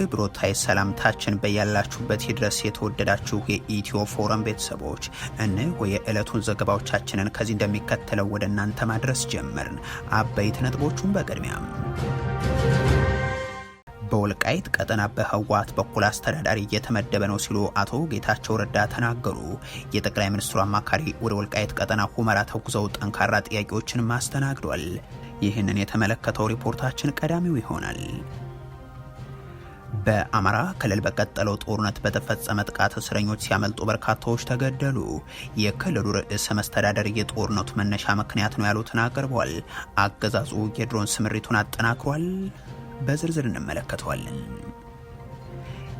ክብሮታይ ሰላምታችን በያላችሁበት ይድረስ። የተወደዳችሁ የኢትዮ ፎረም ቤተሰቦች እነሆ የዕለቱን ዘገባዎቻችንን ከዚህ እንደሚከተለው ወደ እናንተ ማድረስ ጀመርን። አበይት ነጥቦቹን በቅድሚያም በወልቃይት ቀጠና በህወሓት በኩል አስተዳዳሪ እየተመደበ ነው ሲሉ አቶ ጌታቸው ረዳ ተናገሩ። የጠቅላይ ሚኒስትሩ አማካሪ ወደ ወልቃይት ቀጠና ሁመራ ተጉዘው ጠንካራ ጥያቄዎችን ማስተናግዷል። ይህንን የተመለከተው ሪፖርታችን ቀዳሚው ይሆናል። በአማራ ክልል በቀጠለው ጦርነት በተፈጸመ ጥቃት እስረኞች ሲያመልጡ በርካታዎች ተገደሉ። የክልሉ ርዕሰ መስተዳደር የጦርነቱ መነሻ ምክንያት ነው ያሉትን አቅርቧል። አገዛዙ የድሮን ስምሪቱን አጠናክሯል። በዝርዝር እንመለከተዋለን።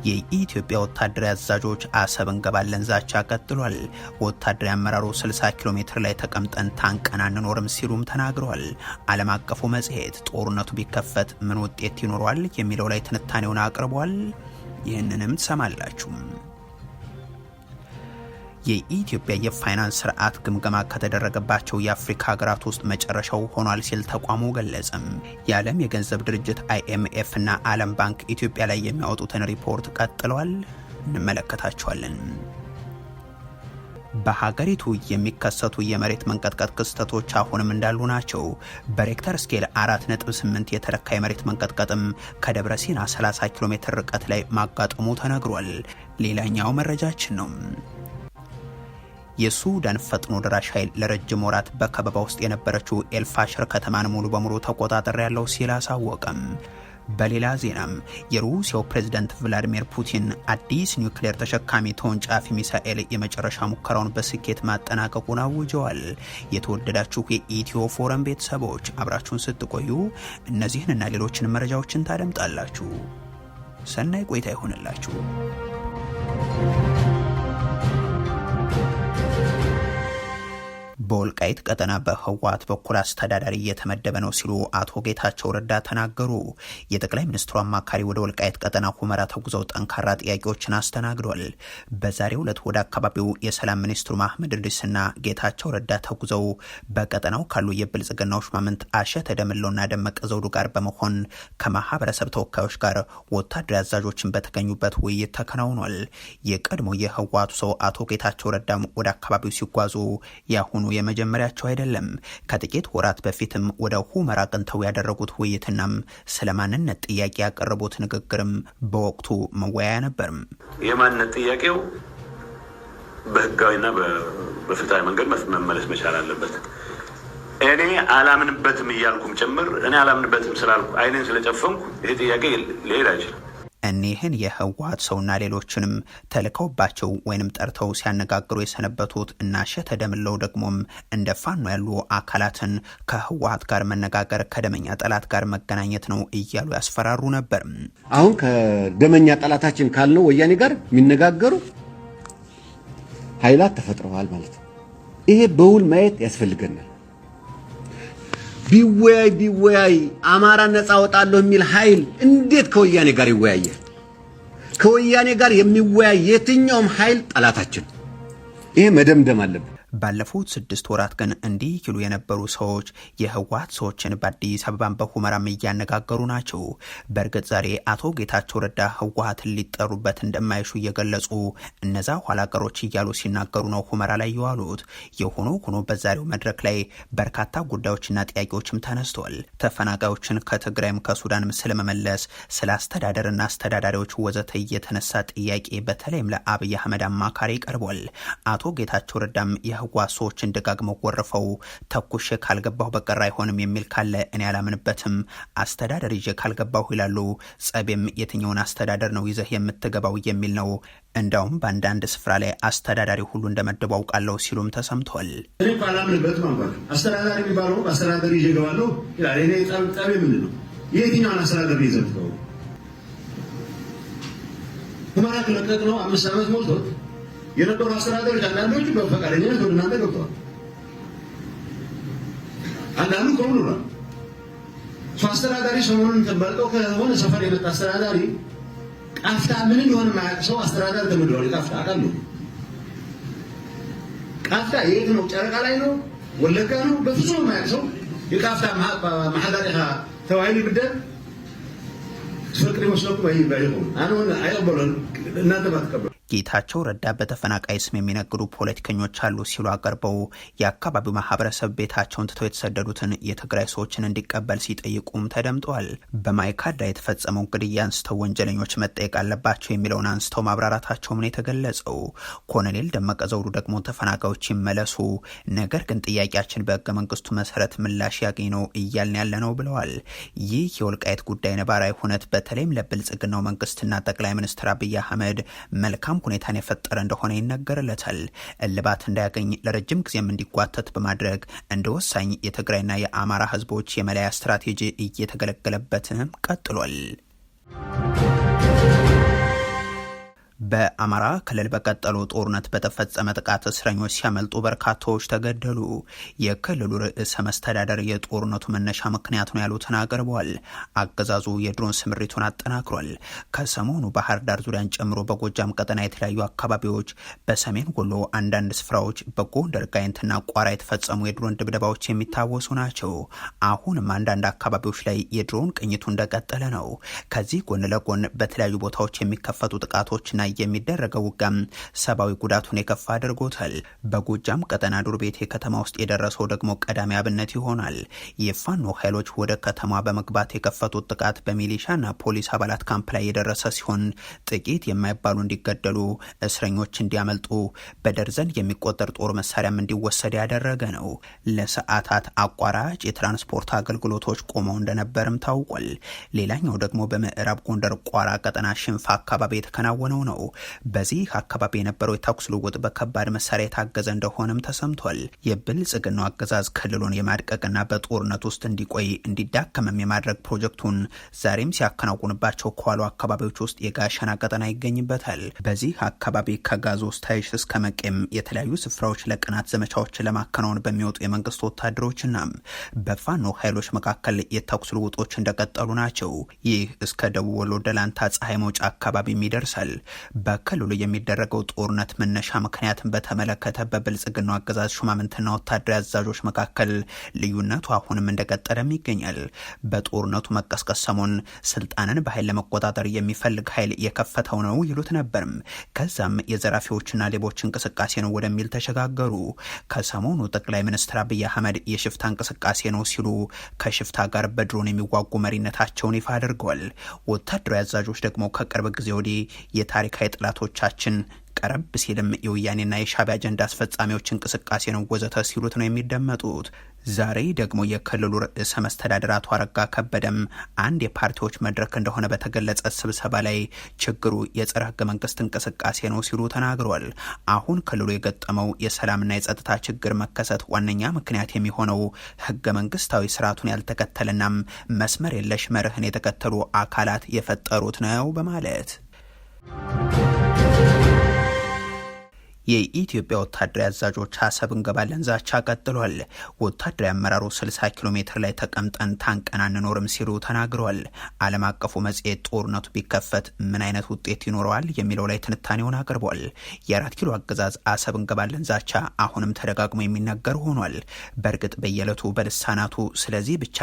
የኢትዮጵያ ወታደራዊ አዛዦች አሰብ እንገባለን ዛቻ ቀጥሏል። ወታደራዊ አመራሩ 60 ኪሎ ሜትር ላይ ተቀምጠን ታንቀን አንኖርም ሲሉም ተናግረዋል። ዓለም አቀፉ መጽሔት ጦርነቱ ቢከፈት ምን ውጤት ይኖረዋል የሚለው ላይ ትንታኔውን አቅርቧል። ይህንንም ትሰማላችሁ። የኢትዮጵያ የፋይናንስ ስርዓት ግምገማ ከተደረገባቸው የአፍሪካ ሀገራት ውስጥ መጨረሻው ሆኗል ሲል ተቋሙ ገለጸም። የዓለም የገንዘብ ድርጅት አይኤምኤፍ እና ዓለም ባንክ ኢትዮጵያ ላይ የሚያወጡትን ሪፖርት ቀጥለዋል። እንመለከታቸዋለን። በሀገሪቱ የሚከሰቱ የመሬት መንቀጥቀጥ ክስተቶች አሁንም እንዳሉ ናቸው። በሬክተር ስኬል 4.8 የተለካ የመሬት መንቀጥቀጥም ከደብረ ሲና 30 ኪሎ ሜትር ርቀት ላይ ማጋጠሙ ተነግሯል። ሌላኛው መረጃችን ነው። የሱዳን ፈጥኖ ደራሽ ኃይል ለረጅም ወራት በከበባ ውስጥ የነበረችው ኤልፋሽር ከተማን ሙሉ በሙሉ ተቆጣጠር ያለው ሲል አሳወቀም። በሌላ ዜናም የሩሲያው ፕሬዝደንት ቭላዲሚር ፑቲን አዲስ ኒውክሌር ተሸካሚ ተወንጫፊ ሚሳኤል የመጨረሻ ሙከራውን በስኬት ማጠናቀቁን አውጀዋል። የተወደዳችሁ የኢትዮ ፎረም ቤተሰቦች አብራችሁን ስትቆዩ እነዚህንና ሌሎችን መረጃዎችን ታደምጣላችሁ። ሰናይ ቆይታ ይሆንላችሁ። በወልቃይት ቀጠና በህወሓት በኩል አስተዳዳሪ እየተመደበ ነው ሲሉ አቶ ጌታቸው ረዳ ተናገሩ። የጠቅላይ ሚኒስትሩ አማካሪ ወደ ወልቃይት ቀጠና ሁመራ ተጉዘው ጠንካራ ጥያቄዎችን አስተናግዷል። በዛሬው ዕለት ወደ አካባቢው የሰላም ሚኒስትሩ ማህመድ እድሪስና ጌታቸው ረዳ ተጉዘው በቀጠናው ካሉ የብልጽግናው ሹማምንት አሸተ ደምለውና ደመቀ ዘውዱ ጋር በመሆን ከማህበረሰብ ተወካዮች ጋር ወታደራዊ አዛዦችን በተገኙበት ውይይት ተከናውኗል። የቀድሞ የህወሓቱ ሰው አቶ ጌታቸው ረዳም ወደ አካባቢው ሲጓዙ ያሁኑ የመጀመሪያቸው አይደለም። ከጥቂት ወራት በፊትም ወደ ሁመራ ቅንተው ያደረጉት ውይይትናም ስለ ማንነት ጥያቄ ያቀረቡት ንግግርም በወቅቱ መወያያ ነበርም። የማንነት ጥያቄው በህጋዊና በፍትሃዊ መንገድ መመለስ መቻል አለበት። እኔ አላምንበትም እያልኩም ጭምር እኔ አላምንበትም ስላልኩ አይንን ስለጨፈንኩ ይሄ ጥያቄ ሊሄድ አይችልም። እኒህን የህወሀት ሰውና ሌሎችንም ተልከውባቸው ወይንም ጠርተው ሲያነጋግሩ የሰነበቱት እናሸ ተደምለው ደግሞም እንደ ፋኖ ያሉ አካላትን ከህወሀት ጋር መነጋገር ከደመኛ ጠላት ጋር መገናኘት ነው እያሉ ያስፈራሩ ነበር። አሁን ከደመኛ ጠላታችን ካልነው ወያኔ ጋር የሚነጋገሩ ኃይላት ተፈጥረዋል ማለት ነው። ይሄ በውል ማየት ያስፈልገናል። ቢወያይ ቢወያይ አማራ ነፃ ወጣለሁ የሚል ኃይል እንዴት ከወያኔ ጋር ይወያያል? ከወያኔ ጋር የሚወያይ የትኛውም ኃይል ጠላታችን። ይሄ መደምደም አለብን። ባለፉት ስድስት ወራት ግን እንዲህ ይሉ የነበሩ ሰዎች የህወሓት ሰዎችን በአዲስ አበባን በሁመራም እያነጋገሩ ናቸው። በእርግጥ ዛሬ አቶ ጌታቸው ረዳ ህወሓትን ሊጠሩበት እንደማይሹ እየገለጹ እነዛ ኋላ ቀሮች እያሉ ሲናገሩ ነው ሁመራ ላይ የዋሉት። የሆኖ ሆኖ በዛሬው መድረክ ላይ በርካታ ጉዳዮችና ጥያቄዎችም ተነስተዋል። ተፈናቃዮችን ከትግራይም ከሱዳንም ስለመመለስ፣ ስለ አስተዳደርና አስተዳዳሪዎች ወዘተ እየተነሳ ጥያቄ በተለይም ለአብይ አህመድ አማካሪ ቀርቧል። አቶ ጌታቸው ረዳም የህዋሶችን ደጋግመው ወርፈው ተኩሼ ካልገባሁ በቀር አይሆንም የሚል ካለ እኔ አላምንበትም። አስተዳደር ይዤ ካልገባሁ ይላሉ። ጸቤም የትኛውን አስተዳደር ነው ይዘህ የምትገባው የሚል ነው። እንዳውም በአንዳንድ ስፍራ ላይ አስተዳዳሪ ሁሉ እንደመደቡ አውቃለሁ ሲሉም ተሰምቷል። እኔ ባላምንበት አላምንበትም አስተዳዳሪ የሚባለው አስተዳደር ይዤ እገባለሁ ይላል። እኔ ጠቤ ምንድን ነው? የትኛውን አስተዳደር ይዘህ ትገቡ? ሁመራ ለቀቅ ነው። አምስት ዓመት ሞልቶት የነበሩ አስተዳደሮች አንዳንዶቹ በፈቃደኝነት ወደ እናንተ ገብተዋል። አንዳንዱ ከሁሉ ነው። አስተዳዳሪ ሰሞኑን ተመርጠው ከሆነ ሰፈር የመጣ አስተዳዳሪ ቃፍታ ምን እንደሆነ የማያውቅ ሰው አስተዳዳሪ ተመድቧል። የቃፍታ አካል ነው። ቃፍታ የት ነው? ጨረቃ ላይ ነው? ወለጋ ነው? በፍጹም የማያውቅ ሰው የቃፍታ ማሕዳሪኻ ተባሂሉ ይብደል ትፈቅድ ይመስለኩም አይባይኹም አነ አይቅበሎን እናንተ ባትቀበሉ ጌታቸው ረዳ በተፈናቃይ ስም የሚነግዱ ፖለቲከኞች አሉ ሲሉ አቅርበው የአካባቢው ማህበረሰብ ቤታቸውን ትተው የተሰደዱትን የትግራይ ሰዎችን እንዲቀበል ሲጠይቁም ተደምጠዋል። በማይካድራ የተፈጸመው ግድያ አንስተው ወንጀለኞች መጠየቅ አለባቸው የሚለውን አንስተው ማብራራታቸውም ነው የተገለጸው። ኮሎኔል ደመቀ ዘውዱ ደግሞ ተፈናቃዮች ይመለሱ፣ ነገር ግን ጥያቄያችን በህገ መንግስቱ መሰረት ምላሽ ያገኝ ነው እያልን ያለ ነው ብለዋል። ይህ የወልቃየት ጉዳይ ነባራዊ ሁነት በተለይም ለብልጽግናው መንግስትና ጠቅላይ ሚኒስትር አብይ አህመድ መልካም ሁኔታን የፈጠረ እንደሆነ ይነገርለታል። እልባት እንዳያገኝ ለረጅም ጊዜም እንዲጓተት በማድረግ እንደ ወሳኝ የትግራይና የአማራ ህዝቦች የመለያ ስትራቴጂ እየተገለገለበትም ቀጥሏል። በአማራ ክልል በቀጠሉ ጦርነት በተፈጸመ ጥቃት እስረኞች ሲያመልጡ በርካታዎች ተገደሉ። የክልሉ ርዕሰ መስተዳደር የጦርነቱ መነሻ ምክንያት ነው ያሉትን አቅርበዋል። አገዛዙ የድሮን ስምሪቱን አጠናክሯል። ከሰሞኑ ባህር ዳር ዙሪያን ጨምሮ በጎጃም ቀጠና የተለያዩ አካባቢዎች፣ በሰሜን ወሎ አንዳንድ ስፍራዎች፣ በጎንደር ጋይንትና ቋራ የተፈጸሙ የድሮን ድብደባዎች የሚታወሱ ናቸው። አሁንም አንዳንድ አካባቢዎች ላይ የድሮን ቅኝቱ እንደቀጠለ ነው። ከዚህ ጎን ለጎን በተለያዩ ቦታዎች የሚከፈቱ ጥቃቶችና ላይ የሚደረገው ውጋ ሰብአዊ ጉዳቱን የከፋ አድርጎታል። በጎጃም ቀጠና ዱር ቤቴ ከተማ ውስጥ የደረሰው ደግሞ ቀዳሚ አብነት ይሆናል። የፋኖ ኃይሎች ወደ ከተማ በመግባት የከፈቱት ጥቃት በሚሊሻና ፖሊስ አባላት ካምፕ ላይ የደረሰ ሲሆን ጥቂት የማይባሉ እንዲገደሉ፣ እስረኞች እንዲያመልጡ፣ በደርዘን የሚቆጠር ጦር መሳሪያም እንዲወሰድ ያደረገ ነው። ለሰዓታት አቋራጭ የትራንስፖርት አገልግሎቶች ቆመው እንደነበርም ታውቋል። ሌላኛው ደግሞ በምዕራብ ጎንደር ቋራ ቀጠና ሽንፋ አካባቢ የተከናወነው ነው። በዚህ አካባቢ የነበረው የተኩስ ልውውጥ በከባድ መሳሪያ የታገዘ እንደሆነም ተሰምቷል። የብልጽግናው አገዛዝ ክልሉን የማድቀቅና በጦርነት ውስጥ እንዲቆይ እንዲዳከምም የማድረግ ፕሮጀክቱን ዛሬም ሲያከናውንባቸው ከዋሉ አካባቢዎች ውስጥ የጋሸና ቀጠና ይገኝበታል። በዚህ አካባቢ ከጋዝ ውስጥ እስከ መቄም የተለያዩ ስፍራዎች ለቀናት ዘመቻዎችን ለማከናወን በሚወጡ የመንግስት ወታደሮችና በፋኖ ኃይሎች መካከል የተኩስ ልውጦች እንደቀጠሉ ናቸው። ይህ እስከ ደቡብ ወሎ ደላንታ ፀሐይ መውጫ አካባቢም ይደርሳል። በክልሉ የሚደረገው ጦርነት መነሻ ምክንያትን በተመለከተ በብልጽግናው አገዛዝ ሹማምንትና ወታደራዊ አዛዦች መካከል ልዩነቱ አሁንም እንደቀጠለም ይገኛል። በጦርነቱ መቀስቀስ ሰሞን ስልጣንን በኃይል ለመቆጣጠር የሚፈልግ ኃይል የከፈተው ነው ይሉት ነበርም። ከዛም የዘራፊዎችና ሌቦች እንቅስቃሴ ነው ወደሚል ተሸጋገሩ። ከሰሞኑ ጠቅላይ ሚኒስትር አብይ አህመድ የሽፍታ እንቅስቃሴ ነው ሲሉ ከሽፍታ ጋር በድሮን የሚዋጉ መሪነታቸውን ይፋ አድርገዋል። ወታደራዊ አዛዦች ደግሞ ከቅርብ ጊዜ ወዲህ የታሪክ ታሪካዊ ጠላቶቻችን ቀረብ ሲልም የወያኔና የሻቢያ አጀንዳ አስፈጻሚዎች እንቅስቃሴ ነው ወዘተ ሲሉት ነው የሚደመጡት። ዛሬ ደግሞ የክልሉ ርዕሰ መስተዳደር አቶ አረጋ ከበደም አንድ የፓርቲዎች መድረክ እንደሆነ በተገለጸ ስብሰባ ላይ ችግሩ የጸረ ህገ መንግስት እንቅስቃሴ ነው ሲሉ ተናግሯል። አሁን ክልሉ የገጠመው የሰላምና የጸጥታ ችግር መከሰት ዋነኛ ምክንያት የሚሆነው ህገ መንግስታዊ ስርዓቱን ያልተከተለናም መስመር የለሽ መርህን የተከተሉ አካላት የፈጠሩት ነው በማለት Música የኢትዮጵያ ወታደራዊ አዛዦች አሰብ እንገባለን ዛቻ ቀጥሏል። ወታደራዊ አመራሩ 60 ኪሎ ሜትር ላይ ተቀምጠን ታንቀን አንኖርም ሲሉ ተናግረዋል። ዓለም አቀፉ መጽሔት ጦርነቱ ቢከፈት ምን አይነት ውጤት ይኖረዋል የሚለው ላይ ትንታኔውን አቅርቧል። የአራት ኪሎ አገዛዝ አሰብ እንገባለን ዛቻ አሁንም ተደጋግሞ የሚነገር ሆኗል። በእርግጥ በየዕለቱ በልሳናቱ ስለዚህ ብቻ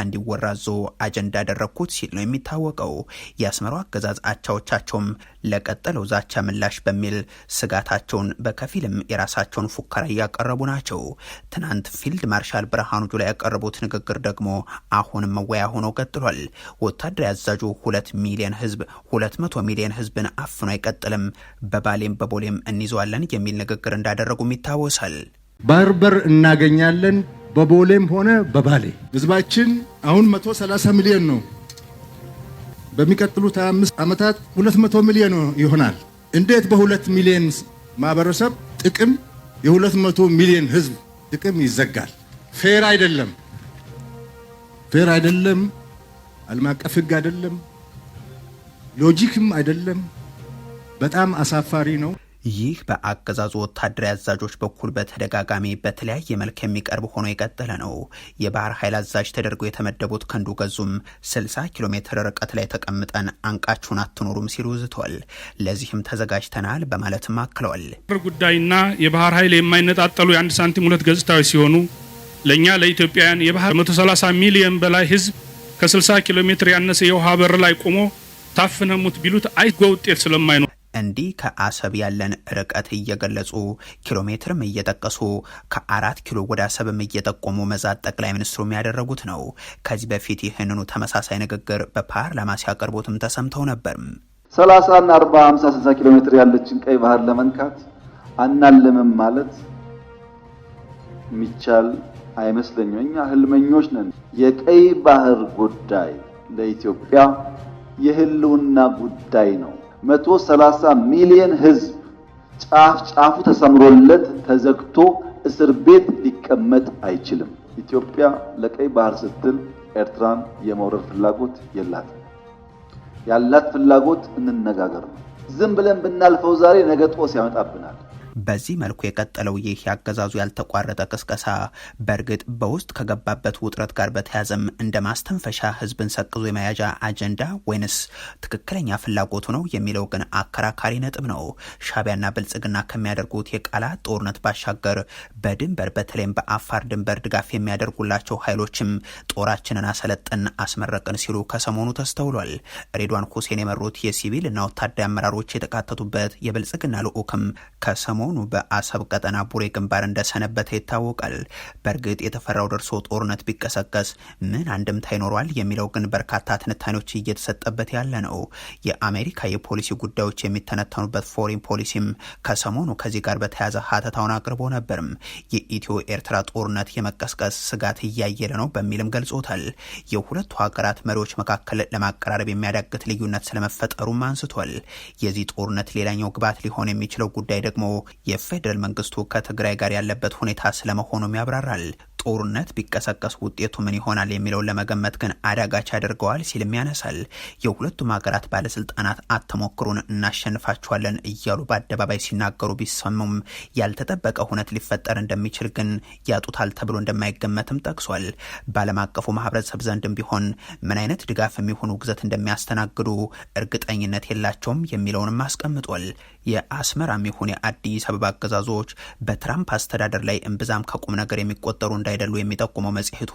ዞ አጀንዳ ያደረግኩት ሲል ነው የሚታወቀው። የአስመራው አገዛዝ አቻዎቻቸውም ለቀጠለው ዛቻ ምላሽ በሚል ስጋታቸውን በከ በከፊልም የራሳቸውን ፉከራ እያቀረቡ ናቸው። ትናንት ፊልድ ማርሻል ብርሃኑ ጁላ ያቀረቡት ንግግር ደግሞ አሁንም መወያ ሆኖ ቀጥሏል። ወታደራዊ አዛዡ ሁለት ሚሊዮን ህዝብ ሁለት መቶ ሚሊዮን ህዝብን አፍኖ አይቀጥልም፣ በባሌም በቦሌም እንይዘዋለን የሚል ንግግር እንዳደረጉም ይታወሳል። ባርበር እናገኛለን በቦሌም ሆነ በባሌ ህዝባችን አሁን 130 ሚሊዮን ነው። በሚቀጥሉት 25 ዓመታት 200 ሚሊዮን ይሆናል። እንዴት በሁለት ሚሊዮን ማህበረሰብ ጥቅም የ200 ሚሊዮን ህዝብ ጥቅም ይዘጋል። ፌር አይደለም፣ ፌር አይደለም፣ ዓለም አቀፍ ህግ አይደለም፣ ሎጂክም አይደለም። በጣም አሳፋሪ ነው። ይህ በአገዛዙ ወታደራዊ አዛዦች በኩል በተደጋጋሚ በተለያየ መልክ የሚቀርብ ሆኖ የቀጠለ ነው። የባህር ኃይል አዛዥ ተደርገው የተመደቡት ከንዱ ገዙም 60 ኪሎ ሜትር ርቀት ላይ ተቀምጠን አንቃችሁን አትኖሩም ሲሉ ዝተዋል። ለዚህም ተዘጋጅተናል በማለትም አክለዋል። ብር ጉዳይና የባህር ኃይል የማይነጣጠሉ የአንድ ሳንቲም ሁለት ገጽታዎች ሲሆኑ ለእኛ ለኢትዮጵያውያን የባህር 130 ሚሊዮን በላይ ህዝብ ከ60 ኪሎ ሜትር ያነሰ የውሃ በር ላይ ቆሞ ታፍነሙት ቢሉት አይጎ ውጤት ስለማይኖር እንዲህ ከአሰብ ያለን ርቀት እየገለጹ ኪሎ ሜትርም እየጠቀሱ ከአራት ኪሎ ወደ አሰብም እየጠቆሙ መዛት ጠቅላይ ሚኒስትሩ የሚያደረጉት ነው። ከዚህ በፊት ይህንኑ ተመሳሳይ ንግግር በፓርላማ ሲያቀርቡትም ተሰምተው ነበር። ሰላሳና አርባ ሃምሳ ስልሳ ኪሎ ሜትር ያለችን ቀይ ባህር ለመንካት አናልምም ማለት የሚቻል አይመስለኝም። እኛ ህልመኞች ነን። የቀይ ባህር ጉዳይ ለኢትዮጵያ የህልውና ጉዳይ ነው። 130 ሚሊዮን ህዝብ ጫፍ ጫፉ ተሰምሮለት ተዘግቶ እስር ቤት ሊቀመጥ አይችልም። ኢትዮጵያ ለቀይ ባህር ስትል ኤርትራን የመውረር ፍላጎት የላትም። ያላት ፍላጎት እንነጋገር ነው። ዝም ብለን ብናልፈው ዛሬ ነገ ጦስ ያመጣብናል። በዚህ መልኩ የቀጠለው ይህ ያገዛዙ ያልተቋረጠ ቅስቀሳ በእርግጥ በውስጥ ከገባበት ውጥረት ጋር በተያዘም እንደ ማስተንፈሻ ህዝብን ሰቅዞ የመያዣ አጀንዳ ወይንስ ትክክለኛ ፍላጎቱ ነው የሚለው ግን አከራካሪ ነጥብ ነው። ሻቢያና ብልጽግና ከሚያደርጉት የቃላት ጦርነት ባሻገር በድንበር በተለይም በአፋር ድንበር ድጋፍ የሚያደርጉላቸው ኃይሎችም ጦራችንን አሰለጥን አስመረቅን ሲሉ ከሰሞኑ ተስተውሏል። ሬድዋን ሁሴን የመሩት የሲቪል እና ወታደራዊ አመራሮች የተካተቱበት የብልጽግና ልዑክም ከሰሞ ከሰሞኑ በአሰብ ቀጠና ቡሬ ግንባር እንደሰነበተ ይታወቃል። በእርግጥ የተፈራው ደርሶ ጦርነት ቢቀሰቀስ ምን አንድምታ ይኖረዋል የሚለው ግን በርካታ ትንታኔዎች እየተሰጠበት ያለ ነው። የአሜሪካ የፖሊሲ ጉዳዮች የሚተነተኑበት ፎሬን ፖሊሲም ከሰሞኑ ከዚህ ጋር በተያያዘ ሀተታውን አቅርቦ ነበርም። የኢትዮ ኤርትራ ጦርነት የመቀስቀስ ስጋት እያየለ ነው በሚልም ገልጾታል። የሁለቱ ሀገራት መሪዎች መካከል ለማቀራረብ የሚያዳግት ልዩነት ስለመፈጠሩም አንስቷል። የዚህ ጦርነት ሌላኛው ግባት ሊሆን የሚችለው ጉዳይ ደግሞ የፌዴራል መንግስቱ ከትግራይ ጋር ያለበት ሁኔታ ስለመሆኑም ያብራራል። ጦርነት ቢቀሰቀስ ውጤቱ ምን ይሆናል የሚለውን ለመገመት ግን አዳጋች አድርገዋል ሲልም ያነሳል። የሁለቱም ሀገራት ባለስልጣናት አተሞክሩን እናሸንፋቸዋለን እያሉ በአደባባይ ሲናገሩ ቢሰሙም ያልተጠበቀ ሁነት ሊፈጠር እንደሚችል ግን ያጡታል ተብሎ እንደማይገመትም ጠቅሷል። በዓለም አቀፉ ማህበረሰብ ዘንድም ቢሆን ምን አይነት ድጋፍ የሚሆኑ ግዘት እንደሚያስተናግዱ እርግጠኝነት የላቸውም የሚለውንም አስቀምጧል። የአስመራም ይሁን የአዲስ የአዲስ አበባ አገዛዞች በትራምፕ አስተዳደር ላይ እምብዛም ከቁም ነገር የሚቆጠሩ እንዳይደሉ የሚጠቁመው መጽሔቱ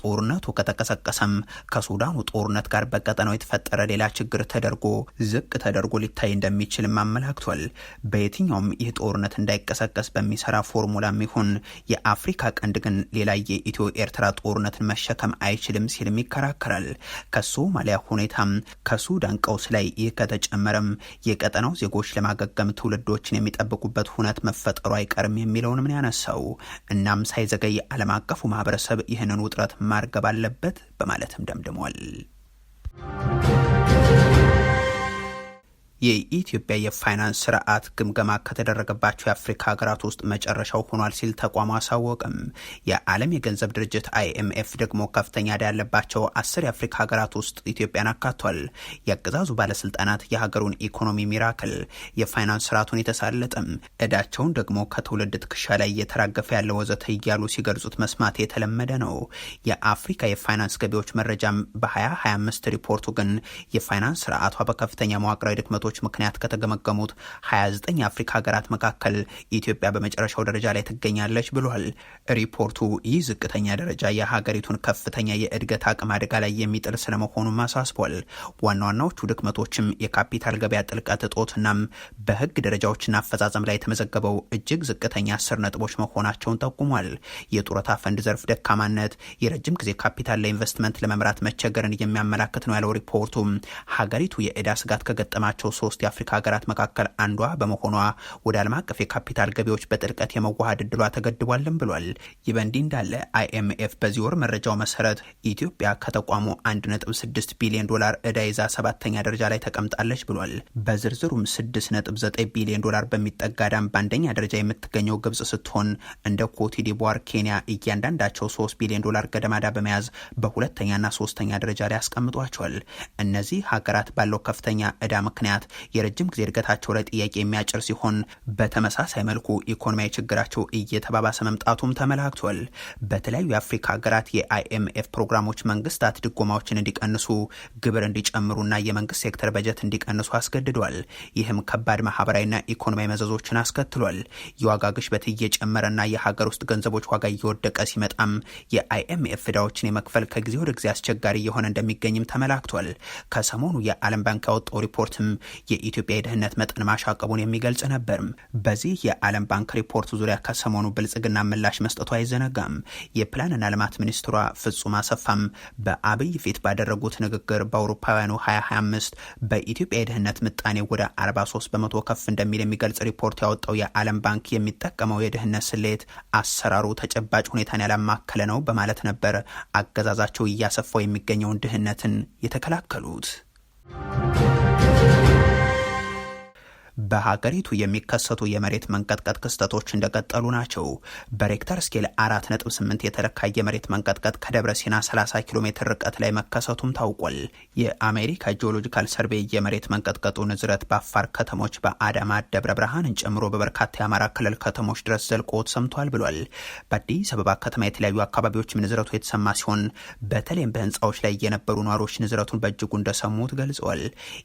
ጦርነቱ ከተቀሰቀሰም ከሱዳኑ ጦርነት ጋር በቀጠናው የተፈጠረ ሌላ ችግር ተደርጎ ዝቅ ተደርጎ ሊታይ እንደሚችልም አመላክቷል። በየትኛውም ይህ ጦርነት እንዳይቀሰቀስ በሚሰራ ፎርሙላም ይሁን የአፍሪካ ቀንድ ግን ሌላ የኢትዮ ኤርትራ ጦርነትን መሸከም አይችልም ሲልም ይከራከራል። ከሶማሊያ ሁኔታም ከሱዳን ቀውስ ላይ ይህ ከተጨመረም የቀጠናው ዜጎች ለማገገም ትውልዶችን የሚጠብቁ የሚያደርጉበት ሁነት መፈጠሩ አይቀርም የሚለውን ምን ያነሳው። እናም ሳይዘገይ ዓለም አቀፉ ማህበረሰብ ይህንን ውጥረት ማርገብ አለበት በማለትም ደምድሟል። የኢትዮጵያ የፋይናንስ ስርዓት ግምገማ ከተደረገባቸው የአፍሪካ ሀገራት ውስጥ መጨረሻው ሆኗል ሲል ተቋሙ አሳወቅም። የዓለም የገንዘብ ድርጅት አይኤምኤፍ ደግሞ ከፍተኛ ዕዳ ያለባቸው አስር የአፍሪካ ሀገራት ውስጥ ኢትዮጵያን አካቷል። የአገዛዙ ባለስልጣናት የሀገሩን ኢኮኖሚ ሚራክል የፋይናንስ ስርዓቱን የተሳለጠም እዳቸውን ደግሞ ከትውልድ ትከሻ ላይ እየተራገፈ ያለ ወዘተ እያሉ ሲገልጹት መስማት የተለመደ ነው። የአፍሪካ የፋይናንስ ገቢዎች መረጃም በ2025 ሪፖርቱ ግን የፋይናንስ ስርዓቷ በከፍተኛ መዋቅራዊ ድክመቶች ችግሮች ምክንያት ከተገመገሙት 29 የአፍሪካ ሀገራት መካከል ኢትዮጵያ በመጨረሻው ደረጃ ላይ ትገኛለች ብሏል ሪፖርቱ። ይህ ዝቅተኛ ደረጃ የሀገሪቱን ከፍተኛ የእድገት አቅም አደጋ ላይ የሚጥል ስለመሆኑም አሳስቧል። ዋና ዋናዎቹ ድክመቶችም የካፒታል ገበያ ጥልቀት እጦትናም በህግ ደረጃዎችና አፈጻጸም ላይ የተመዘገበው እጅግ ዝቅተኛ አስር ነጥቦች መሆናቸውን ጠቁሟል። የጡረታ ፈንድ ዘርፍ ደካማነት፣ የረጅም ጊዜ ካፒታል ለኢንቨስትመንት ለመምራት መቸገርን የሚያመላክት ነው ያለው ሪፖርቱ ሀገሪቱ የእዳ ስጋት ከገጠማቸው ሶስት የአፍሪካ ሀገራት መካከል አንዷ በመሆኗ ወደ ዓለም አቀፍ የካፒታል ገቢዎች በጥልቀት የመዋሃድ እድሏ ተገድቧልም ብሏል። ይህ በእንዲህ እንዳለ አይኤምኤፍ በዚህ ወር መረጃው መሰረት ኢትዮጵያ ከተቋሙ 1.6 ቢሊዮን ዶላር እዳ ይዛ ሰባተኛ ደረጃ ላይ ተቀምጣለች ብሏል። በዝርዝሩም 6.9 ቢሊዮን ዶላር በሚጠጋ ዕዳም በአንደኛ ደረጃ የምትገኘው ግብጽ ስትሆን እንደ ኮቲዲቧር፣ ኬንያ እያንዳንዳቸው 3 ቢሊዮን ዶላር ገደማ ዕዳ በመያዝ በሁለተኛና ሶስተኛ ደረጃ ላይ አስቀምጧቸዋል። እነዚህ ሀገራት ባለው ከፍተኛ እዳ ምክንያት ተቋማት የረጅም ጊዜ እድገታቸው ላይ ጥያቄ የሚያጭር ሲሆን በተመሳሳይ መልኩ ኢኮኖሚያዊ ችግራቸው እየተባባሰ መምጣቱም ተመላክቷል። በተለያዩ የአፍሪካ ሀገራት የአይኤምኤፍ ፕሮግራሞች መንግስታት ድጎማዎችን እንዲቀንሱ፣ ግብር እንዲጨምሩና የመንግስት ሴክተር በጀት እንዲቀንሱ አስገድዷል። ይህም ከባድ ማህበራዊና ኢኮኖሚያዊ መዘዞችን አስከትሏል። የዋጋ ግሽበት እየጨመረና የሀገር ውስጥ ገንዘቦች ዋጋ እየወደቀ ሲመጣም የአይኤምኤፍ ዕዳዎችን የመክፈል ከጊዜ ወደ ጊዜ አስቸጋሪ እየሆነ እንደሚገኝም ተመላክቷል። ከሰሞኑ የዓለም ባንክ ያወጣው ሪፖርትም የኢትዮጵያ የድህነት መጠን ማሻቀቡን የሚገልጽ ነበርም። በዚህ የዓለም ባንክ ሪፖርት ዙሪያ ከሰሞኑ ብልጽግና ምላሽ መስጠቱ አይዘነጋም። የፕላንና ልማት ሚኒስትሯ ፍጹም አሰፋም በአብይ ፊት ባደረጉት ንግግር በአውሮፓውያኑ 2025 በኢትዮጵያ የድህነት ምጣኔ ወደ 43 በመቶ ከፍ እንደሚል የሚገልጽ ሪፖርት ያወጣው የዓለም ባንክ የሚጠቀመው የድህነት ስሌት አሰራሩ ተጨባጭ ሁኔታን ያላማከለ ነው በማለት ነበር አገዛዛቸው እያሰፋው የሚገኘውን ድህነትን የተከላከሉት። በሀገሪቱ የሚከሰቱ የመሬት መንቀጥቀጥ ክስተቶች እንደቀጠሉ ናቸው። በሬክተር ስኬል 4.8 የተለካ የመሬት መንቀጥቀጥ ከደብረ ሲና 30 ኪሎ ሜትር ርቀት ላይ መከሰቱም ታውቋል። የአሜሪካ ጂኦሎጂካል ሰርቬይ የመሬት መንቀጥቀጡ ንዝረት በአፋር ከተሞች በአዳማ ደብረ ብርሃንን ጨምሮ በበርካታ የአማራ ክልል ከተሞች ድረስ ዘልቆ ሰምቷል ብሏል። በአዲስ አበባ ከተማ የተለያዩ አካባቢዎች ንዝረቱ የተሰማ ሲሆን በተለይም በህንፃዎች ላይ የነበሩ ኗሪዎች ንዝረቱን በእጅጉ እንደሰሙት ገልጸዋል።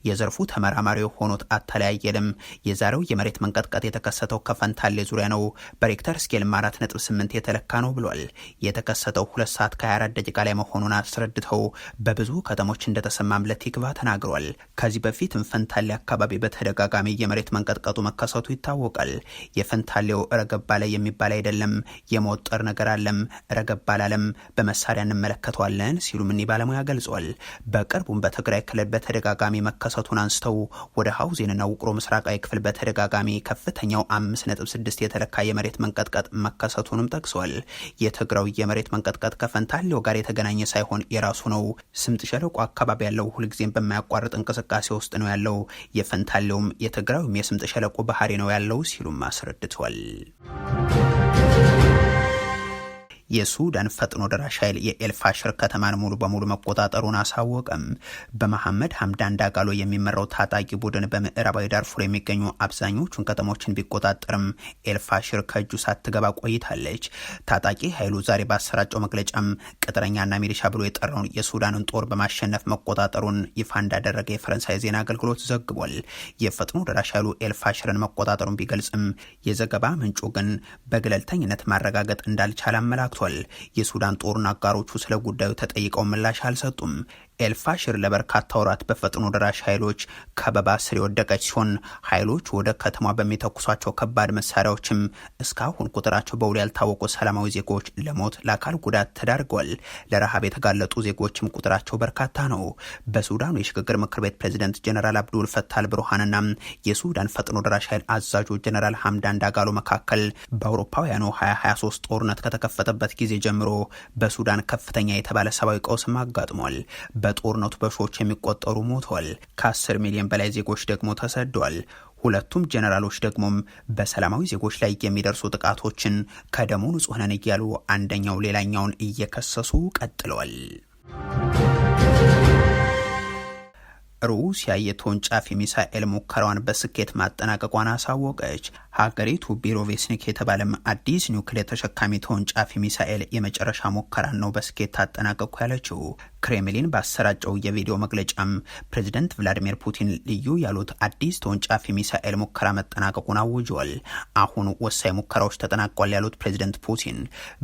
የዘርፉ ተመራማሪ የሆኑት አተለያየልም የዛሬው የመሬት መንቀጥቀጥ የተከሰተው ከፈንታሌ ዙሪያ ነው። በሬክተር ስኬል አራት ነጥብ ስምንት የተለካ ነው ብሏል። የተከሰተው ሁለት ሰዓት ከ24 ደቂቃ ላይ መሆኑን አስረድተው በብዙ ከተሞች እንደተሰማም ለቲክቫ ተናግሯል። ከዚህ በፊትም ፈንታሌ አካባቢ በተደጋጋሚ የመሬት መንቀጥቀጡ መከሰቱ ይታወቃል። የፈንታሌው ረገባለ የሚባል አይደለም፣ የመወጠር ነገር አለም ረገባላለም በመሳሪያ እንመለከተዋለን ሲሉ ምኒ ባለሙያ ገልጿል። በቅርቡም በትግራይ ክልል በተደጋጋሚ መከሰቱን አንስተው ወደ ሀውዜንና ውቅሮ ምስራቅ ምስራቃዊ ክፍል በተደጋጋሚ ከፍተኛው 5.6 የተለካ የመሬት መንቀጥቀጥ መከሰቱንም ጠቅሷል። የትግራው የመሬት መንቀጥቀጥ ከፈንታሌው ጋር የተገናኘ ሳይሆን የራሱ ነው። ስምጥ ሸለቆ አካባቢ ያለው ሁልጊዜም በማያቋርጥ እንቅስቃሴ ውስጥ ነው ያለው። የፈንታሌውም የትግራዊም የስምጥ ሸለቆ ባህሪ ነው ያለው ሲሉም አስረድቷል። የሱዳን ፈጥኖ ደራሽ ኃይል የኤልፋሽር ከተማን ሙሉ በሙሉ መቆጣጠሩን አሳወቅም። በመሐመድ ሀምዳን ዳጋሎ የሚመራው ታጣቂ ቡድን በምዕራባዊ ዳርፉር የሚገኙ አብዛኞቹን ከተሞችን ቢቆጣጠርም ኤልፋሽር ከእጁ ሳትገባ ቆይታለች። ታጣቂ ኃይሉ ዛሬ ባሰራጨው መግለጫም ቅጥረኛና ሚሊሻ ብሎ የጠራውን የሱዳንን ጦር በማሸነፍ መቆጣጠሩን ይፋ እንዳደረገ የፈረንሳይ ዜና አገልግሎት ዘግቧል። የፈጥኖ ደራሽ ኃይሉ ኤልፋሽርን መቆጣጠሩን ቢገልጽም የዘገባ ምንጩ ግን በገለልተኝነት ማረጋገጥ እንዳልቻለ አመላክቷል። ተሰምቷል። የሱዳን ጦርና አጋሮቹ ስለ ጉዳዩ ተጠይቀው ምላሽ አልሰጡም። ኤልፋሽር ለበርካታ ወራት በፈጥኖ ደራሽ ኃይሎች ከበባ ስር የወደቀች ሲሆን ኃይሎች ወደ ከተማ በሚተኩሷቸው ከባድ መሳሪያዎችም እስካሁን ቁጥራቸው በውል ያልታወቁ ሰላማዊ ዜጎች ለሞት ለአካል ጉዳት ተዳርገዋል። ለረሃብ የተጋለጡ ዜጎችም ቁጥራቸው በርካታ ነው። በሱዳኑ የሽግግር ምክር ቤት ፕሬዚደንት ጀነራል አብዱል ፈታል ብርሃንና የሱዳን ፈጥኖ ደራሽ ኃይል አዛዡ ጀነራል ሀምዳን ዳጋሎ መካከል በአውሮፓውያኑ 2023 ጦርነት ከተከፈተበት ጊዜ ጀምሮ በሱዳን ከፍተኛ የተባለ ሰብአዊ ቀውስም አጋጥሟል። በጦርነቱ በሺዎች የሚቆጠሩ ሞተዋል። ከ10 ሚሊዮን በላይ ዜጎች ደግሞ ተሰደዋል። ሁለቱም ጀነራሎች ደግሞም በሰላማዊ ዜጎች ላይ የሚደርሱ ጥቃቶችን ከደሙ ንጹህ ነን እያሉ አንደኛው ሌላኛውን እየከሰሱ ቀጥለዋል። ሩሲያ የተወንጫፊ ሚሳኤል ሙከራዋን በስኬት ማጠናቀቋን አሳወቀች። ሀገሪቱ ቢሮቬስኒክ የተባለም አዲስ ኒውክሌር ተሸካሚ ተወንጫፊ ሚሳኤል የመጨረሻ ሙከራን ነው በስኬት ታጠናቀቁ ያለችው። ክሬምሊን ባሰራጨው የቪዲዮ መግለጫም ፕሬዚደንት ቭላዲሚር ፑቲን ልዩ ያሉት አዲስ ተወንጫፊ ሚሳኤል ሙከራ መጠናቀቁን አውጇል። አሁን ወሳኝ ሙከራዎች ተጠናቋል ያሉት ፕሬዚደንት ፑቲን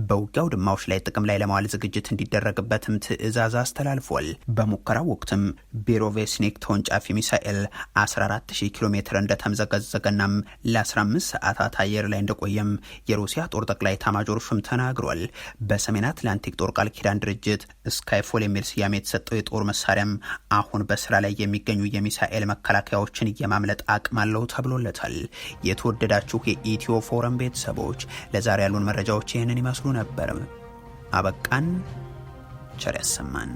በውጊያው ድማዎች ላይ ጥቅም ላይ ለማዋል ዝግጅት እንዲደረግበትም ትዕዛዝ አስተላልፏል። በሙከራው ወቅትም ቤሮቬስኒክ ተወንጫፊ ሚሳኤል 140 ኪሎ ሜትር እንደተምዘገዘገናም ለ15 ሰዓታት አየር ላይ እንደቆየም የሩሲያ ጦር ጠቅላይ ኤታማዦር ሹም ተናግሯል። በሰሜን አትላንቲክ ጦር ቃል ኪዳን ድርጅት ስካይፎል የሚል ስያሜ የተሰጠው የጦር መሳሪያም አሁን በስራ ላይ የሚገኙ የሚሳኤል መከላከያዎችን የማምለጥ አቅም አለው ተብሎለታል። የተወደዳችሁ የኢትዮ ፎረም ቤተሰቦች ለዛሬ ያሉን መረጃዎች ይህንን ይመስሉ ነበር። አበቃን። ቸር ያሰማን።